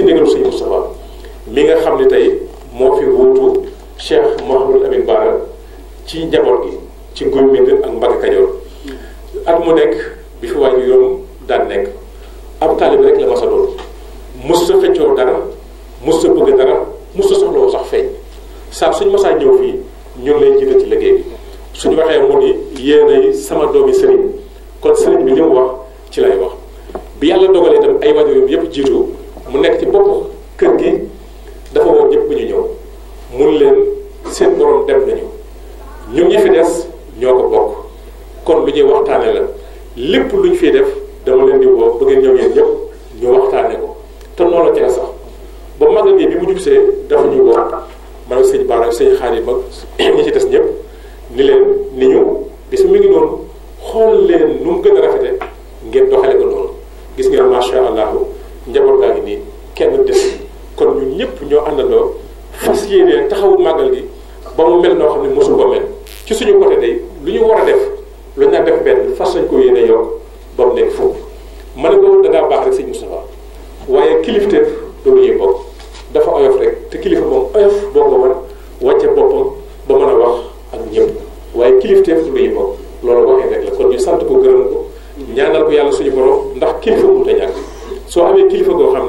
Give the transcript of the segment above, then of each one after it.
ci ndigalu sëñ Moustapha mi nga xam ne tey moo fi wuutu Cheikh Mouhamadou Amine Bara ci njaboot gi ci Guy Mbind ak Mbacké Kajoor at mu nekk bi fi waaju yoon daan nekk ab taalib rek la ma sa doon mos sa feccoo dara mos sa bëgg dara mos sa soxlawu sax feeñ saa suñ masaa ñëw fii ñun lay jiital ci liggéey bi suñu waxee mu ni yéenay sama doomi sëriñ kon sëriñ bi ñëw mu wax ci lay wax bi yàlla dogalee itam ay waajuram yépp jiitu mu nekk ci bopp kër gi dafa woo ñëpp bu ñu ñëw mun leen seen borom dem nañu ñun ñi fi des ñoo ko bokk kon lu ñuy waxtaane la lépp lu ñu fiy def dama leen di woo ba ngeen ñëw yéen ñëpp ñu waxtaane ko te noonu la tee sax ba magal gi bi mu jubsee dafa ñu woo man sëñ Bara sëñ Xaadim ak ñi ci des ñëpp ni leen ni ñu bis mi ngi noonu xool leen nu mu gën a rafete ngeen doxale fas yéene taxawu màggal gi ba mu mel noo xam ne mosu ko mel ci suñu côté day lu ñu war a def lu ñu def benn fas lañ ko yéene yoon ba mu nekk fukk man nga da baax rek sëñ Moustapha waaye kilifteef doo ñuy bokk dafa oyof rek te kilifa moom oyof boo ko war wàcce boppam ba mën a wax ak ñëpp waaye kilifteef du ñuy bokk loolu waxee rek la kon ñu sant ko gërëm ko ñaanal ko yàlla suñu borom ndax kilifa mu ñàkk soo amee kilifa goo xam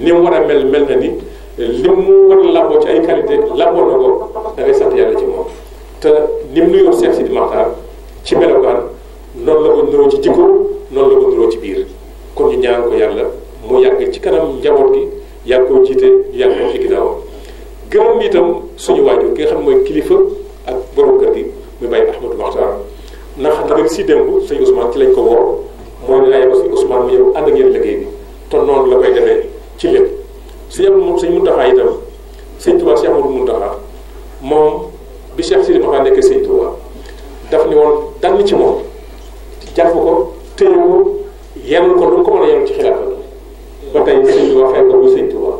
ni mu war a mel mel na ni li mu war a làmboo ci ay qualité làmboo na ko da ngay sant yàlla ci moom te ni mu nuyoo Cheikh Sidi Makhtar ci melokaan noonu la ko nuroo ci jikko noonu la ko nuroo ci biir kon ñu ñaan ko yàlla mu yàgg ci kanam njaboot gi yàgg koo jiite yàgg koo ci ginnaawam gërëm itam suñu waajur ki nga xam mooy kilifa ak borom kër gi muy bàyyi Ahmadou Makhtar ndax da nga si démb sëñ Ousmane ci lañ ko woo mooy dinaa yebal sëñ Ousmane mu ñëw ànd ak yéen liggéey ci lépp si yemul moom sëñ Muntaxa itam sëñ Tuubaa Cheikh Amadou Muntaxa moom bi Cheikh Sidi Moxtaar nekk sëñ Tuubaa daf ni woon dal ci moom jàpp ko téye ko yenn ko lu ko mën a yenn ci xilaafa ba tey sëñ Tuubaa xew ko bu sëñ Tuubaa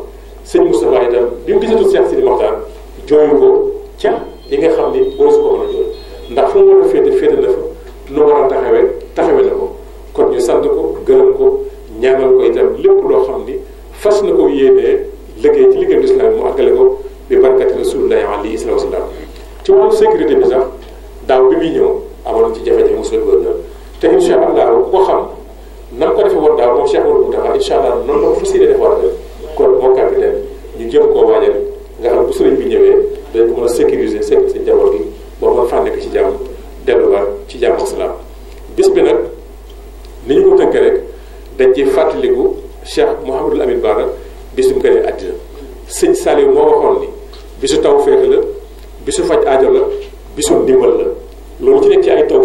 sëñ Moustapha itam bi mu gisatul Cheikh Sidi Moxtaar jooyu ko ca li nga xam ne waru su ko mën a jooy ndax fu mu war a féete féete na fa lu war a taxawee taxawee na ko kon ñu sant ko rasulullahi alayhi salaam ci wàllu sécurité bi sax daaw bi muy ñëw ci jafe-jafe monsieur le na ko defee woon daaw moom Cheikh Oudou Moutaha incha allah noonu la ko fas yéene ñu jëm koo waajal nga xam bu sëriñ bi sécuriser sécuriser njaboot gi ba mën faa nekk ci jàmm delluwaat ci jàmm ak salaam bis bi nag ni ñu ko tënkee rek dañ ci fàttaliku Cheikh Mouhamadul Amin Bara bis bi mu koy def àddina sëñ Saliou moo waxoon ni. bisu taw feex la bi bisu faj ajo la bisu ndimbal la loolu ci nekk ci ay taw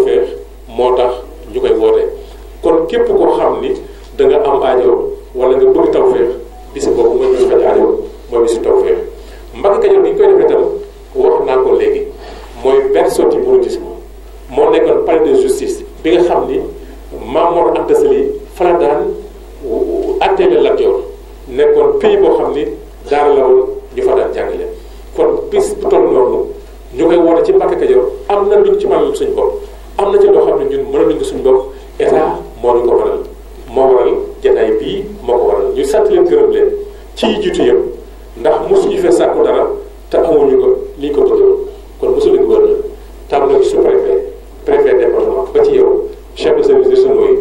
moo tax ñu koy woote kon képp ko xam ni da nga am aajo wala nga bëgg taw feex bisu boobu mooy bisu faj aajo mooy bisu taw feex Mbacke Kadior bi ñu koy defee tam wax naa ko léegi mooy benn si mouridisme moo nekkoon palais de justice bi nga xam ni Maam Mor Anta Sali fala daan atteele nekkoon pays boo xam ni suñ bopp am na ci loo xam ne ñun mënaluñ ko suñ bopp état moo luñ ko waral moo waral jataay bii moo ko waral ñu sant leen gërëm leen ci jiitu yëpp ndax mosuñu fee sàkku dara te amuñu ko liñ ko bëgg kon mosu leen wër tàmm na ci sous-préfet préfet département ba ci yow chef de service de semots yi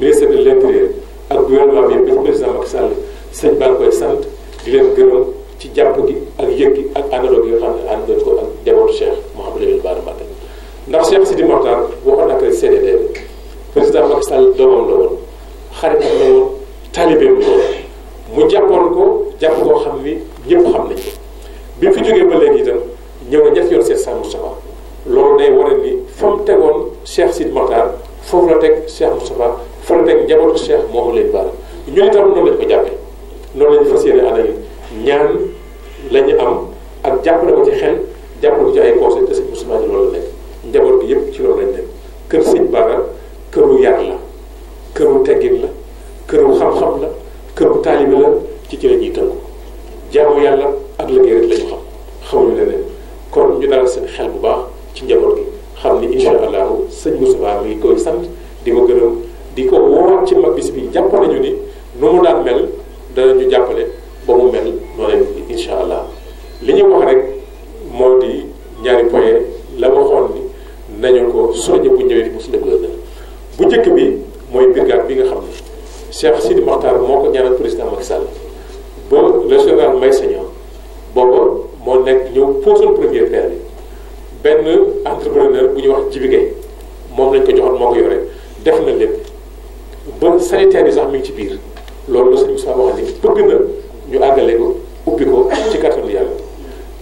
ministre de l'intérieur ak gouvernement bi yëpp ba ci président Macky Sall sëñ baa koy sant di leen gërëm ci jàpp gi ak yëg gi fa mu tegoon Cheikh Sidi Mokhtar foofu la teg Cheikh Moustapha fa la teg njabootu Cheikh Mouhamadou Lamine Bara ñun itam noonu lañ ko jàppee noonu lañu fas yéene ànd ak ñaan la am ak jàppale ko ci xel jàppale ko ci ay conseil te sëñ Moustapha ci loolu la nekk njaboot gi yëpp ci loolu lañ nekk kër sëñ Bara këru yar la këru teggin la këru xam-xam la këru taalibi la ci ci la ñuy tënku jaamu yàlla ak liggéey rek la ñu xam xamuñu leneen kon ñu bu baax ci njaboot xam ni incha allahu sëñ Moustapha mi ngi koy sant di ko gërëm di ko woo ci mag bis bi jàpp nañu ni nu mu daan mel danañu jàppale ba mu mel noonu incha allah li ñuy wax rek. wax Jibi Gueye moom lañ ko joxoon moo ko yore def na lépp ba sanitaire bi sax mi ngi ci biir loolu la sëñ Moussa wax ni bëgg na ñu àggale ko ubbi ko ci kattanu yàlla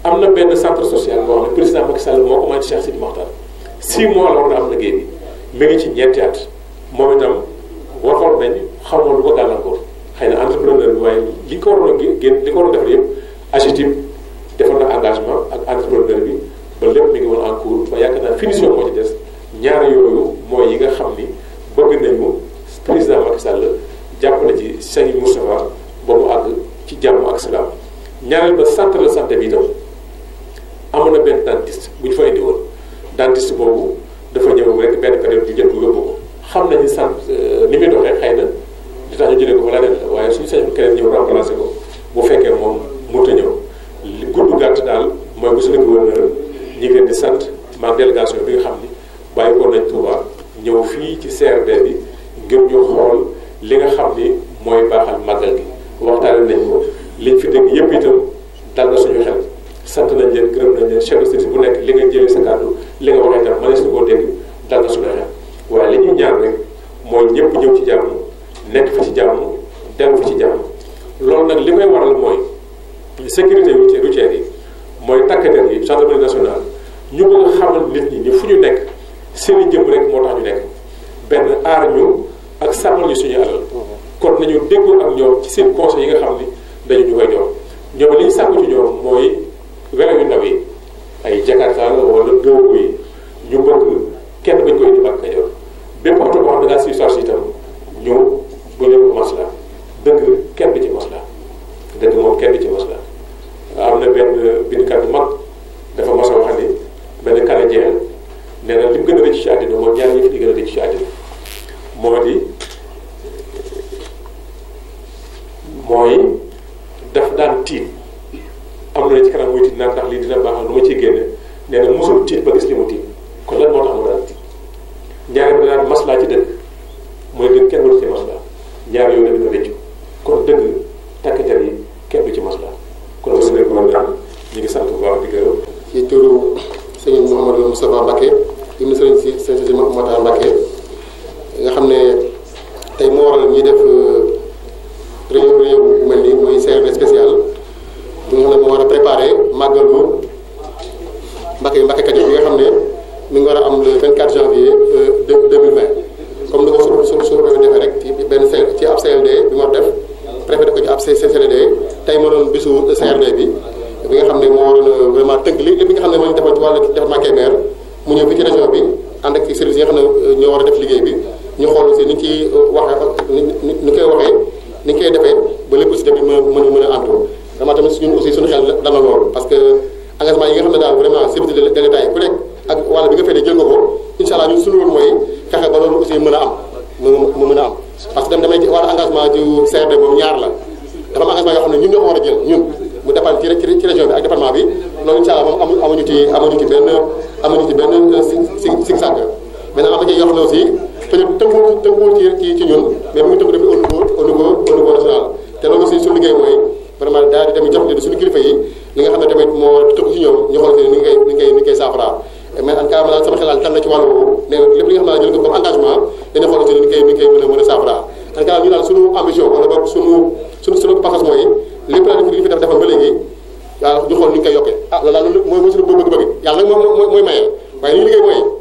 am na benn centre social moo xam ne président Macky Sall moo ko mën ci Cheikh mois a bi mi ngi ci ñeenti at moom itam waxoon nañ xamoo lu ko gàllankoor xëy na entrepreneur bi waaye li ko waroon a génn li ko waroon a defar yëpp AGETIP defar na engagement ak entrepreneur bi loolu lépp bi ngi woon en cours ba yaakaar naa finition moo ci des ñaar yooyu mooy yi nga xam ni bëgg nañu président Macky Sall jàppale ci Sëñ Moustapha ba mu àgg ci jàmm ak salaam ñaareel ba centre de santé bi itam amoon na benn dentiste bu ñu fa indi woon dentiste boobu dafa ñëw rek benn période ñu jël ko yóbbu ko nañu sant euh, ni muy doxee na di tax ñu jëlee ko fa leneen la waaye suñu sañoon keneen ñëw remplacé ko bu fekkee moom mënut a ñëw li gudd gàtt daal mooy bu su nekk gouverneur ñu ngi leen di sant maam délégation bi nga xam ni bàyyi ko nañ Touba ñëw fii ci CRD bi ngir ñu xool li nga xam ni mooy baaxal màggal gi waxtaane nañ ko liñ fi dégg yëpp itam dal na suñu xel sant nañ leen gërëm nañ leen chef de bu nekk li nga jëlee sa kàddu li nga waxee tam mënees na koo dégg dal na suñu xel waaye li ñuy ñaan rek mooy ñëpp ñëw ci jàmm nekk fi ci jàmm dem fi ci jàmm loolu nag li koy waral mooy sécurité routière yi mooy takk der yi gendarmerie nationale ñu bëgg xamal nit ñi ni fu ñu nekk seen i jëm moo tax ñu nekk benn aar ñu ak sàmmal ñu suñu alal kon nañu déggoo ak ñoom ci seen conseil yi nga xam ni dañu ñu koy ñoom ñoom li sàkku ci ñoom mooy welew yu ndaw yi ay jakarta la wala doogu yi gën a rëcc ci àddina mooy ñaar yëpp di gën a rëcc ci àddina moo di mooy daf daan tiit am na ci kanam muy tiit naan ndax lii dina baaxal lu ma ciy génne nee na mosul tiit ba gis li mu tiit kon lan moo tax mu daan tiit ñaari bi daan maslaa ci dëgg mooy dëgg kenn waru ci maslaa ñaari yooyu la gën a rëccu kon dëgg ñoo war a def liggéey bi ñu xool aussi ni ñu ciy waxee ni koy waxee ni ñu koy defee ba lépp si tamit mën mën a mën a antu vraiment tamit suñu aussi suñu xel dal na loolu parce que engagement yi nga xam ne daal vraiment de l'État yi ku nekk ak wàll bi ba mu ñaar la dafa am engagement yoo xam ne ñun ñoo ko a jël ñun mu dépend ci ci bi ak département bi loolu incha allah moom amuñu ci amuñu ci benn amuñu ci benn euh, si si si maintenant am na ci yoo xam ne aussi peut-être tënkuwul ci ci ci ñun mooy a mën mooy mooy mooy mooy maye waaye li liggéey mooy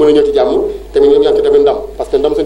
mën a ñëw ci jàmm tamit ñoom ñoo am ci tamit ndam parce que ndam